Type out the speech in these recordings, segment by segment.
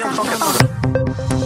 啊啊啊！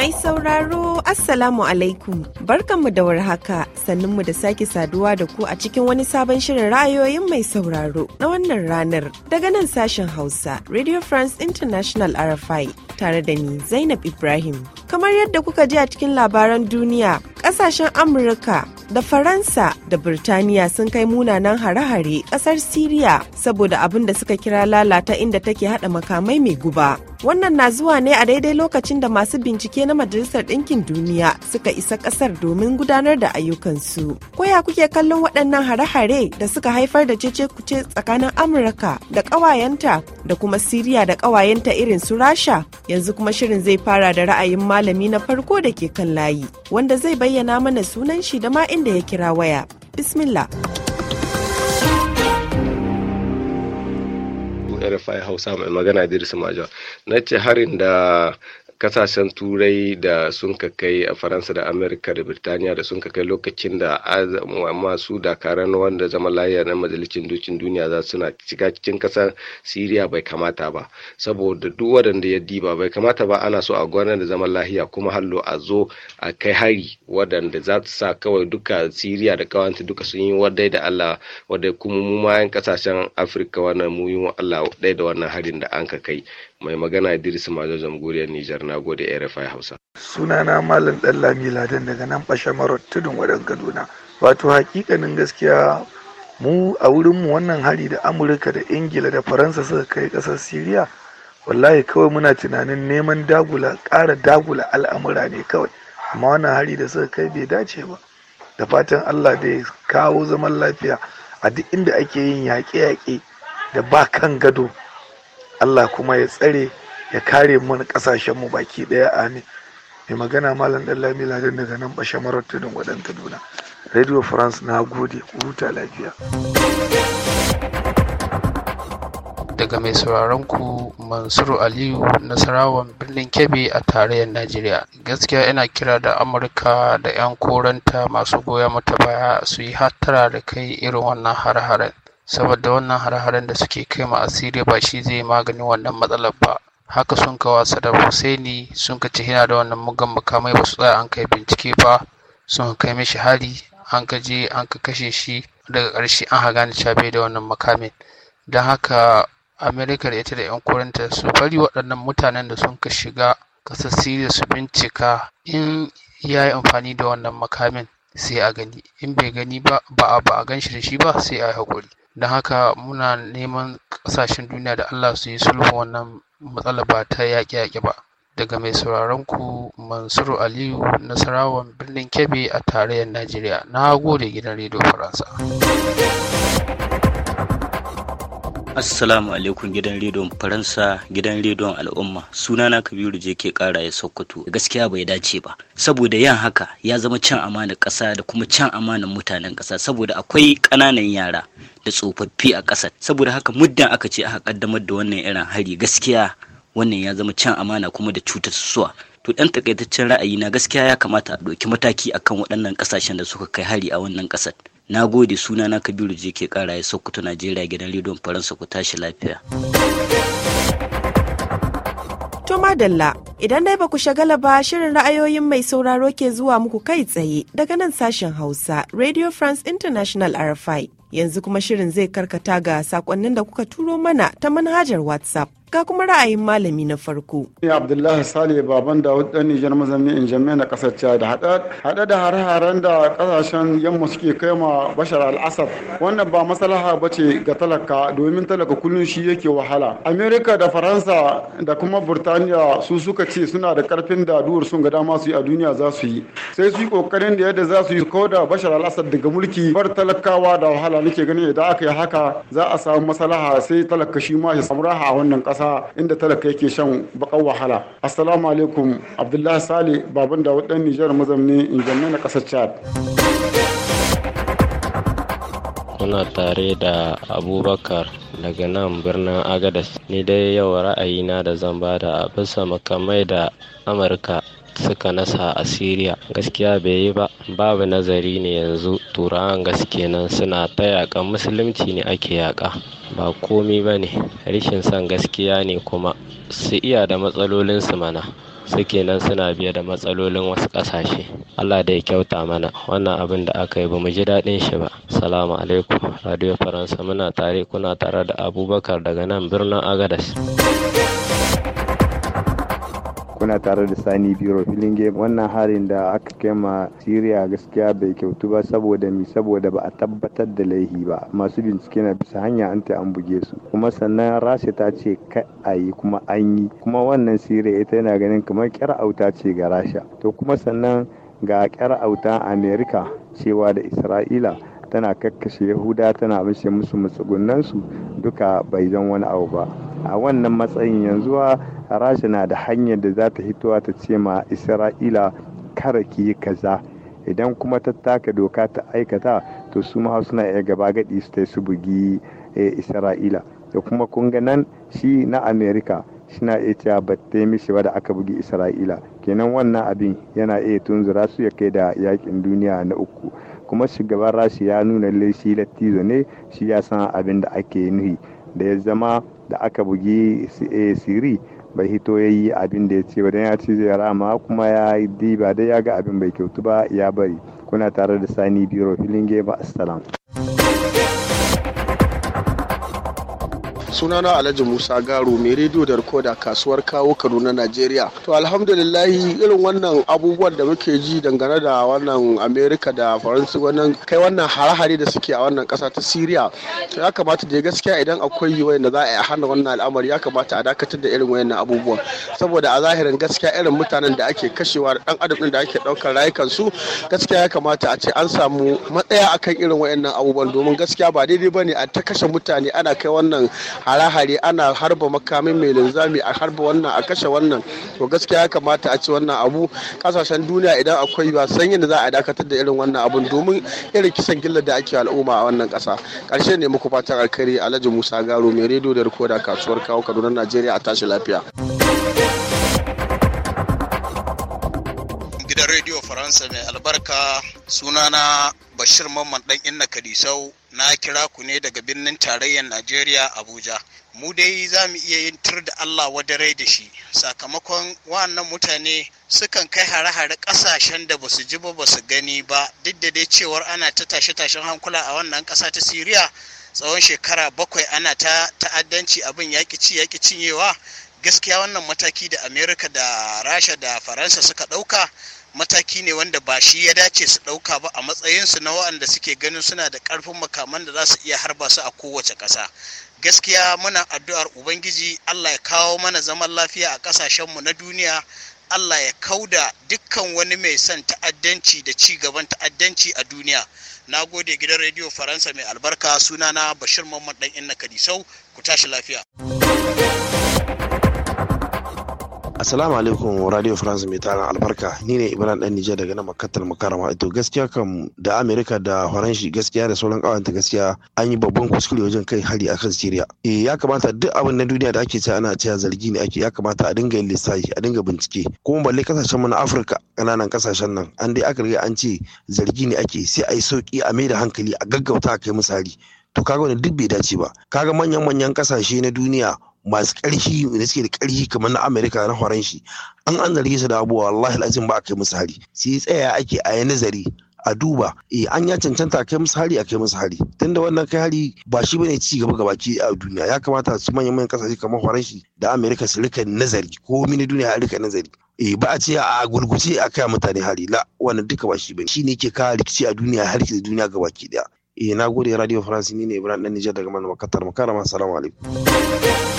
Mai sauraro Assalamu alaikum barkanmu da warhaka sannunmu da sake saduwa da ku a cikin wani sabon shirin ra'ayoyin mai sauraro na wannan ranar daga nan sashen Hausa Radio France International RFI tare da ni Zainab Ibrahim. Kamar yadda kuka ji a cikin labaran duniya kasashen Amurka da Faransa da Birtaniya sun kai munanan hare-hare kasar Siriya saboda abin da suka kira lalata inda take hada makamai mai guba. Wannan na zuwa ne a daidai lokacin da masu bincike na Majalisar Ɗinkin Duniya suka isa ƙasar domin gudanar da ayyukansu. Koya kuke kallon waɗannan hare-hare da suka haifar da cece-kuce tsakanin Amurka da ƙawayenta da kuma Siriya da ƙawayenta irin su Rasha yanzu kuma shirin zai fara da ra'ayin malami na farko da ke kan layi wanda zai bayyana mana sunan shi da ma inda ya kira waya. Bismillah. rfi hausa mai magana idris maja na ce harin da kasashen turai da sun ka kai a faransa da amerika da birtaniya da sun ka kai lokacin da masu dakaran wanda zama layar na majalicin dukin duniya za suna shiga cikin kasar siriya bai kamata ba saboda duk wadanda ya diba bai kamata ba ana so a gwanar da zaman lahiya kuma hallo a zo a kai hari wadanda za su sa kawai duka siriya da kawanta duka sun yi wadai da allah wadai kuma mu ma 'yan kasashen afirka wannan mu yi allah wadai da wannan harin da an ka kai mai magana Idris Majo Jamhuriyar Nijar na gode RFI Hausa. Sunana Malam Dallami Ladan daga nan bashe Marot Tudun Wadan Kaduna. Wato hakikanin gaskiya mu a wurinmu wannan hari da Amurka da Ingila da Faransa suka kai ƙasar Siriya wallahi kawai muna tunanin neman dagula ƙara dagula al'amura ne kawai amma wannan hari da suka kai bai dace ba da fatan Allah da kawo zaman lafiya a duk inda ake yin yaƙe-yaƙe da ba kan gado Allah kuma ya tsare ya kare mana kasashen mu baki daya amin mai magana malam dan lami ladan daga nan bashe marar tudun wadan kaduna radio france na gode ku lafiya daga mai sauraron ku mansuru aliyu nasarawan birnin Kebe a tarayyar najeriya gaskiya ina kira da amurka da 'yan koranta masu goya mata baya su yi hattara da kai irin wannan har-haren saboda wannan hare-haren da suke kai ma asiri ba shi zai maganin wannan matsalar ba haka sun ka wasa da husaini sun ka ci hina da wannan mugan makamai ba su tsaya an kai bincike ba sun kai mishi hari an ka je an ka kashe shi daga ƙarshe an haga ni cabe da wannan makamin don haka amerika da ita da yan kurinta su bari waɗannan mutanen da sun ka shiga ƙasar siriya su bincika in ya yi amfani da wannan makamin sai a gani in bai gani ba ba a gan shi da shi ba sai a yi haƙuri don haka muna neman ƙasashen duniya da allah su yi sulhun wannan matsala ba ta yaƙe-yaƙe ba daga mai sauraron ku mansuru aliyu nasarawan birnin kebe a tarayyar najeriya na gode gidan rediyo faransa Assalamu alaikum gidan rediyon Faransa gidan rediyon al'umma sunana Kabiru je ke kara ya Sokoto gaskiya bai dace ba saboda yan haka ya zama can amanar ƙasa da kuma can amanar mutanen ƙasa saboda akwai ƙananan yara da tsofaffi a ƙasar saboda haka muddin aka ce aka kaddamar da wannan irin hari gaskiya wannan ya zama can amana kuma da cutar suwa to dan takaitaccen ra'ayi na gaskiya ya kamata a ɗauki mataki akan waɗannan ƙasashen da suka kai hari a wannan ƙasar na gode suna na kabiru je ke kara ya sokoto najeriya gidan rediyon faransa ku tashi lafiya to madalla idan dai baku shagala ba shirin ra'ayoyin mai sauraro ke zuwa muku kai tsaye daga nan sashen hausa radio france international rfi yanzu kuma shirin zai karkata ga sakonnin da kuka turo mana ta manhajar whatsapp ga kuma ra'ayin malami na farko. Ni Abdullahi Sale baban da dan Nijar mazamni in jami'a na kasar Chad hada da har-haren da kasashen yamma suke kai ma Bashar al'asar wannan ba ba ce ga talaka domin talaka kullum shi yake wahala. Amerika da Faransa da kuma Burtaniya su suka ce suna da karfin da duwar sun ga dama su yi a duniya za su yi. Sai su yi kokarin da yadda za su yi ko da Bashar al daga mulki bar talakawa da wahala nake ganin idan aka yi haka za a samu maslaha sai talaka shi ma ya samu raha a wannan kasa. ƙasa inda talaka yake shan bakan wahala assalamu alaikum abdullahi sale baban da dan nijar mazamni injanna na kasar chad kuna tare da abubakar daga nan birnin agadas ni dai yau ra'ayina da zan bada a bisa makamai da amurka suka nasa a Siriya gaskiya bai yi ba babu nazari ne yanzu turawan gaske nan suna ta yaƙa musulunci ne ake yaƙa ba komi ba ne rishin son gaskiya ne kuma su iya da matsalolinsu mana suke nan suna biya da matsalolin wasu ƙasashe Allah da ya kyauta mana wannan abin da aka yi ba mu ji daɗin shi ba salamu alaikum radio faransa muna tare kuna tare da abubakar daga nan birnin agadas kuna tare da sani biro filin game wannan harin da aka kai ma syria gaskiya bai kyautu ba saboda mi saboda ba a tabbatar da laihi ba masu bincike na bisa hanya an ta an buge su kuma sannan rasha ta ce ka a yi kuma an yi kuma wannan syria ita yana ganin kamar kyar auta ce ga rasha to kuma sannan ga kyar auta america cewa da isra'ila tana kakkashe yahuda tana bishe musu matsugunansu duka bai zan wani abu ba a wannan matsayin yanzu rasha na da hanyar da za ta hitowa ta ce ma isra'ila kara ki yi kaza idan kuma ta taka doka ta aikata to su ma suna iya gaba gadi su ta su bugi eh, isra'ila da kuma kun nan shi na america na iya cewa ba ta mishi ba da aka bugi isra'ila kenan wannan abin yana iya tunzura su ya kai da yakin duniya na uku kuma shugaban rashi ya nuna shi lattizo ne shi ya san abin da ake nuhi da ya zama da aka bugi siri bai hito ya yi abin da ya ce ba don ya ci zai rama kuma ya yi diba dai ya ga abin bai kyautu ba ya bari kuna tare da sani biro filin geba assalam sunana alhaji musa Garu mai rediyo da rikoda kasuwar kawo kaduna najeriya to alhamdulillah irin wannan abubuwan da muke ji dangane da wannan america da faransa wannan kai wannan hare-hare da suke a wannan kasa ta syria ya kamata da gaskiya idan akwai yi da za a hana wannan al'amari ya kamata a dakatar da irin wannan abubuwan saboda a zahirin gaskiya irin mutanen da ake kashewa da dan adam da ake daukar rayukansu gaskiya ya kamata a ce an samu matsaya akan irin wannan abubuwan domin gaskiya ba daidai bane a ta kashe mutane ana kai wannan hare-hare ana harba makamin mai linzami a harba wannan a kashe wannan to gaskiya ya kamata a ci wannan abu kasashen duniya idan akwai ba san yadda za a dakatar da irin wannan abun domin irin kisan gillar da ake al'umma a wannan kasa karshe ne muku fatan alkhairi alhaji musa garo mai rediyo da rikoda kasuwar kawo kaduna najeriya a tashi lafiya. sa mai albarka suna na bashir mamman dan inna kadisau na kira ku ne daga birnin tarayyar najeriya abuja mu dai za mu iya yin tur da allah wadarai da shi sakamakon wannan mutane sukan kai hare-hare kasashen da basu ji ba basu gani ba duk da dai cewar ana ta tashe-tashen hankula a wannan kasa ta siriya tsawon shekara bakwai ana ta ta'addanci abin yaƙi ci yaƙi cinyewa gaskiya wannan mataki da amerika da rasha da faransa suka ɗauka mataki ne wanda ba shi ya dace su ɗauka ba a matsayinsu na waɗanda suke ganin suna da ƙarfin makaman da za su iya harba su a kowace ƙasa gaskiya muna addu'ar ubangiji allah ya kawo mana zaman lafiya a ƙasashenmu na duniya allah ya kauda dukkan wani mai son ta'addanci da ci gaban ta'addanci a duniya na gode gidan rediyo faransa mai albarka sunana bashir mamman dan inna kadisau ku tashi lafiya Assalamu alaikum Radio France mai taron albarka ni ne Ibrahim dan Nijar daga nan makkatar makarama to gaskiya kam da Amerika da Faranshi gaskiya da sauran kawanta gaskiya an yi babban kuskure wajen kai hari akan Syria eh ya kamata duk abin na duniya da ake cewa ana cewa zargi ne ake ya kamata a dinga yin lissafi a dinga bincike kuma balle kasashen mu na Afirka kananan kasashen nan an dai aka riga an ce zargi ne ake sai a yi sauki a mai da hankali a gaggauta a kai misali to kaga wani duk bai dace ba kaga manyan manyan kasashe na duniya masu ƙarfi da suke da ƙarfi kamar na amerika na horon an an zarge su da abubuwa wallahi lazim ba a kai musu hari sai tsaya ake a yi nazari a duba eh an ya cancanta a kai musu hari a kai musu hari tunda wannan kai hari ba shi bane ci gaba baki a duniya ya kamata su manyan manyan kasashe kamar horon da amerika su rika nazari ko mini duniya a rika nazari eh ba a ce a gurguce a kai mutane hari la wannan duka ba shi bane ne ke kawo rikici a duniya har da duniya baki daya e eh, na gode radio france ni ne ibrahim dan nijar daga malama katar makarama assalamu alaikum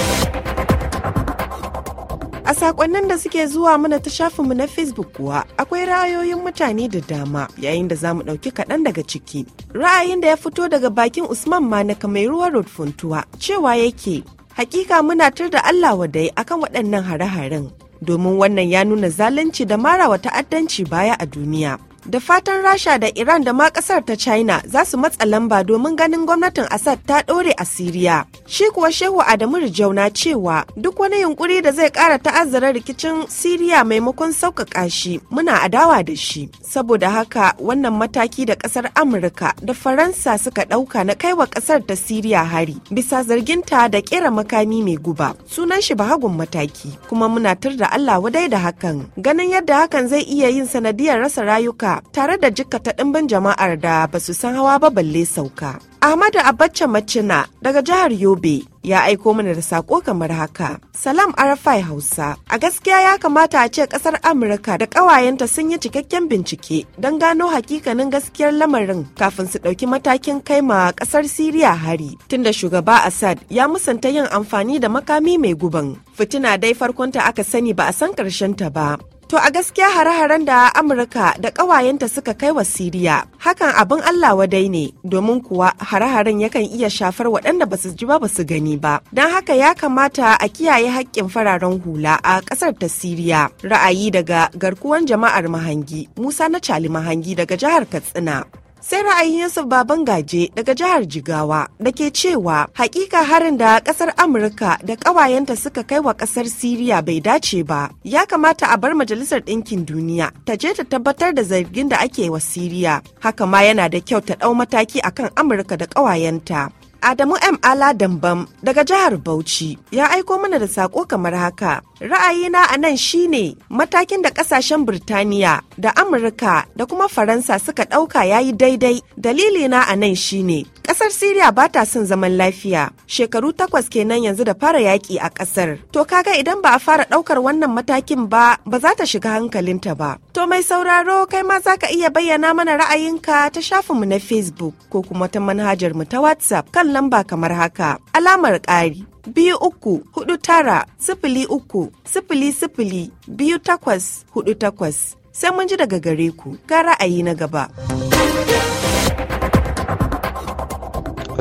sakonnin da suke zuwa mana ta mu na facebook kuwa akwai ra'ayoyin mutane da dama yayin da za mu ɗauki kaɗan daga ciki ra'ayin da ya fito daga bakin usman ma na kamairuwa road funtuwa cewa yake hakika muna tar da allah wadai akan waɗannan hare-haren domin wannan ya nuna zalunci da marawa ta'addanci baya a duniya da fatan rasha da iran da ma kasar ta china za su matsa lamba domin ganin gwamnatin assad ta ɗore a siriya shi kuwa shehu adamu rijau na cewa duk wani yunkuri da zai ƙara ta'azzara rikicin siriya maimakon sauƙaƙa shi muna adawa da shi saboda haka wannan mataki da kasar amurka da faransa suka ɗauka na kaiwa kasar ta siriya hari bisa zarginta da ƙera makami mai guba sunan shi bahagun mataki kuma muna tur da allah wadai da hakan ganin yadda hakan zai iya yin sanadiyar rasa rayuka Amurka tare da ta ɗimbin jama'ar da ba su san hawa ba balle sauka. Ahmadu Abacha Macina daga jihar Yobe ya aiko mana da sako kamar haka. Salam Arafai Hausa. A gaskiya ya kamata a ce ƙasar Amurka da ƙawayenta sun yi cikakken bincike don gano hakikanin gaskiyar lamarin kafin su ɗauki matakin kai ma ƙasar Siriya hari. Tunda shugaba Assad ya musanta yin amfani da makami mai guban. Fitina dai farkonta aka sani ba a san ta ba. To a gaskiya hare-haren da Amurka da ƙawayenta suka kai wa Siriya hakan abin Allah wadai ne domin kuwa hare-haren yakan iya shafar waɗanda ba su ji ba su gani ba. Don haka ya kamata a kiyaye haƙƙin fararen hula a ƙasar ta Siriya. Ra'ayi daga garkuwan jama'ar Mahangi Musa na Cali Mahangi daga jihar Katsina. sai ra'ayin Yusuf Baban Gaje daga jihar Jigawa da ke cewa hakika harin da kasar Amurka da ƙawayenta suka kai wa kasar Siriya bai dace ba. Ya kamata a bar Majalisar Ɗinkin Duniya ta je ta tabbatar da zargin da ake wa Siriya. Haka ma yana da kyau ta ɗau mataki akan Amurka da ƙawayenta. Adamu M. Ala Dambam daga jihar Bauchi ya aiko mana da saƙo kamar haka. Ra'ayina a nan shine matakin da ƙasashen Birtaniya da Amurka da kuma Faransa suka ɗauka ya yi daidai. Dalilina a nan shine ƙasar Siriya ba ta son zaman lafiya. Shekaru takwas kenan yanzu da fara yaƙi a ƙasar. To kaga idan ba a fara ɗaukar wannan matakin ba, ba za ta shiga hankalinta ba. To mai sauraro kai ma za ka iya bayyana mana ra'ayinka ta shafinmu na Facebook ko kuma ta manhajar mu ta WhatsApp kan lamba kamar haka. Alamar ƙari biyu uku hudu tara sifili uku sifili sifili biyu takwas hudu takwas sai mun ji daga gare ku ga ra'ayi na gaba.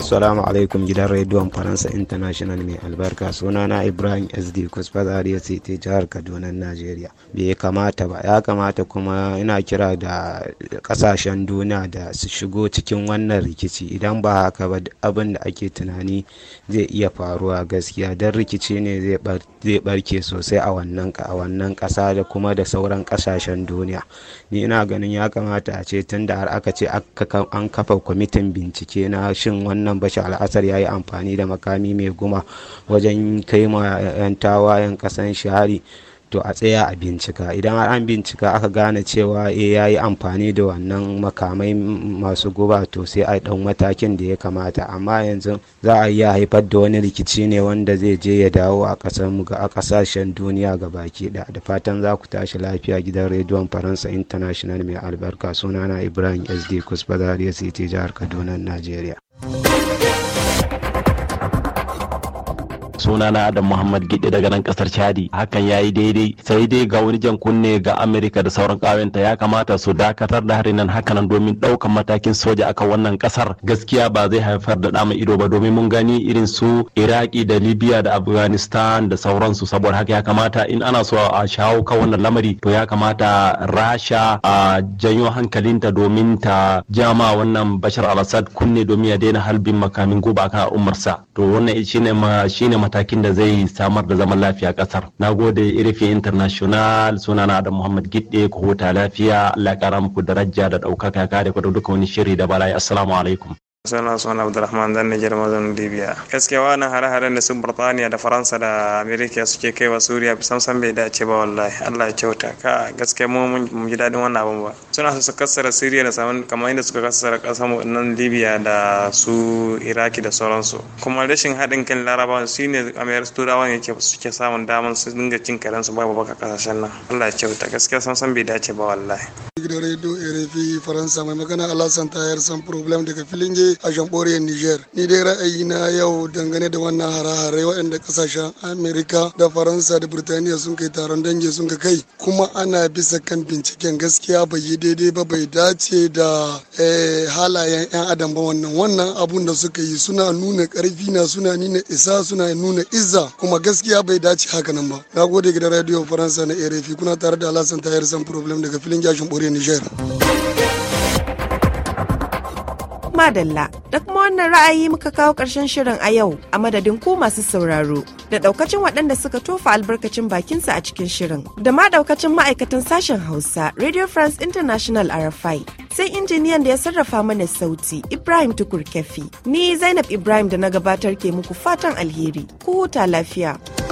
assalamu alaikum gidan rediyon faransa international mai albarka suna na ibrahim sd kusfa zariya ta jihar kaduna najeriya bai kamata ba ya kamata kuma ina kira da kasashen duniya da su shigo cikin wannan rikici idan ba haka ba abin da ake tunani zai iya faruwa gaskiya don rikici ne zai barke sosai a wannan kasa da kuma da sauran kasashen duniya ni ina ganin ya kamata a ce tun da har aka ce an kafa kwamitin bincike na shin wannan wannan bashar al'asar ya yi amfani da makami mai guma wajen kai ma 'yan tawayen kasan shahari to a tsaya a bincika idan har an bincika aka gane cewa e ya yi amfani da wannan makamai masu guba to sai a ɗan matakin da ya kamata amma yanzu za a iya haifar da wani rikici ne wanda zai je ya dawo a a ƙasashen duniya ga baki da da fatan za ku tashi lafiya gidan rediyon faransa international mai albarka sunana ibrahim sd kusba city jihar kaduna najeriya. suna na adam muhammad gidi daga nan kasar chadi hakan ya yi daidai sai dai ga wani jan kunne ga amerika da sauran kawenta ya kamata su dakatar da harin nan hakanan domin daukan matakin soja akan wannan kasar gaskiya ba zai haifar da dama ido ba domin mun gani irin su iraki da libya da afghanistan da sauransu saboda haka ya kamata in ana so a shawo kan wannan lamari to ya kamata rasha a janyo hankalinta domin ta jama wannan bashar al-assad kunne domin ya daina halbin makamin guba kan umarsa to wannan shine shine mata matakin da zai samar da zaman lafiya kasar na gode irife international suna na adam muhammad gidde ko huta lafiya allah kara muku daraja da ɗaukaka kare ku da duka wani shiri da bala'i assalamu alaikum suna suna abdulrahman dan nijar mazan libya gaskiya wani hare-haren da su burtaniya da faransa da amerika suke kai wa suriya bisan san bai dace ba wallahi allah ya kyauta ka gaske mu mun ji dadin wannan abin ba suna su kassara siriya da saman kamar yadda suka kassara mu nan libya da su iraki da sauransu kuma rashin haɗin kan larabawan shi ne amerika turawan yake suke samun damar su dinga cin su babu baka ƙasashen nan allah ya kyauta gaske san san bai dace ba wallahi. RFI Faransa mai magana Alasan Tayar San Problem daga je a Jamboriyar Niger. Ni dai ra'ayi na yau dangane da wannan harare hare waɗanda kasashen Amerika da Faransa da Birtaniya sun kai taron dangi sun ka kai kuma ana bisa kan binciken gaskiya bai yi daidai ba bai dace da eh, halayen 'yan adam ba wannan wannan abun da suka yi suna nuna ƙarfi na suna nuna isa suna nuna izza kuma gaskiya bai dace haka nan ba. Na gode gidan Radio Faransa na RFI kuna tare da Alasan Tayar San Problem daga filin jashin boriya Niger. Madalla, da kuma wannan ra'ayi muka kawo ƙarshen shirin a yau a madadin ku masu sauraro da ɗaukacin waɗanda suka tofa albarkacin bakinsa a cikin shirin da ma ɗaukacin ma'aikatan sashen Hausa Radio France International RFI. Sai injiniyan da ya sarrafa mana sauti Ibrahim Tukur Kefi. Ni Zainab Ibrahim da na gabatar ke muku fatan alheri. Ku huta lafiya.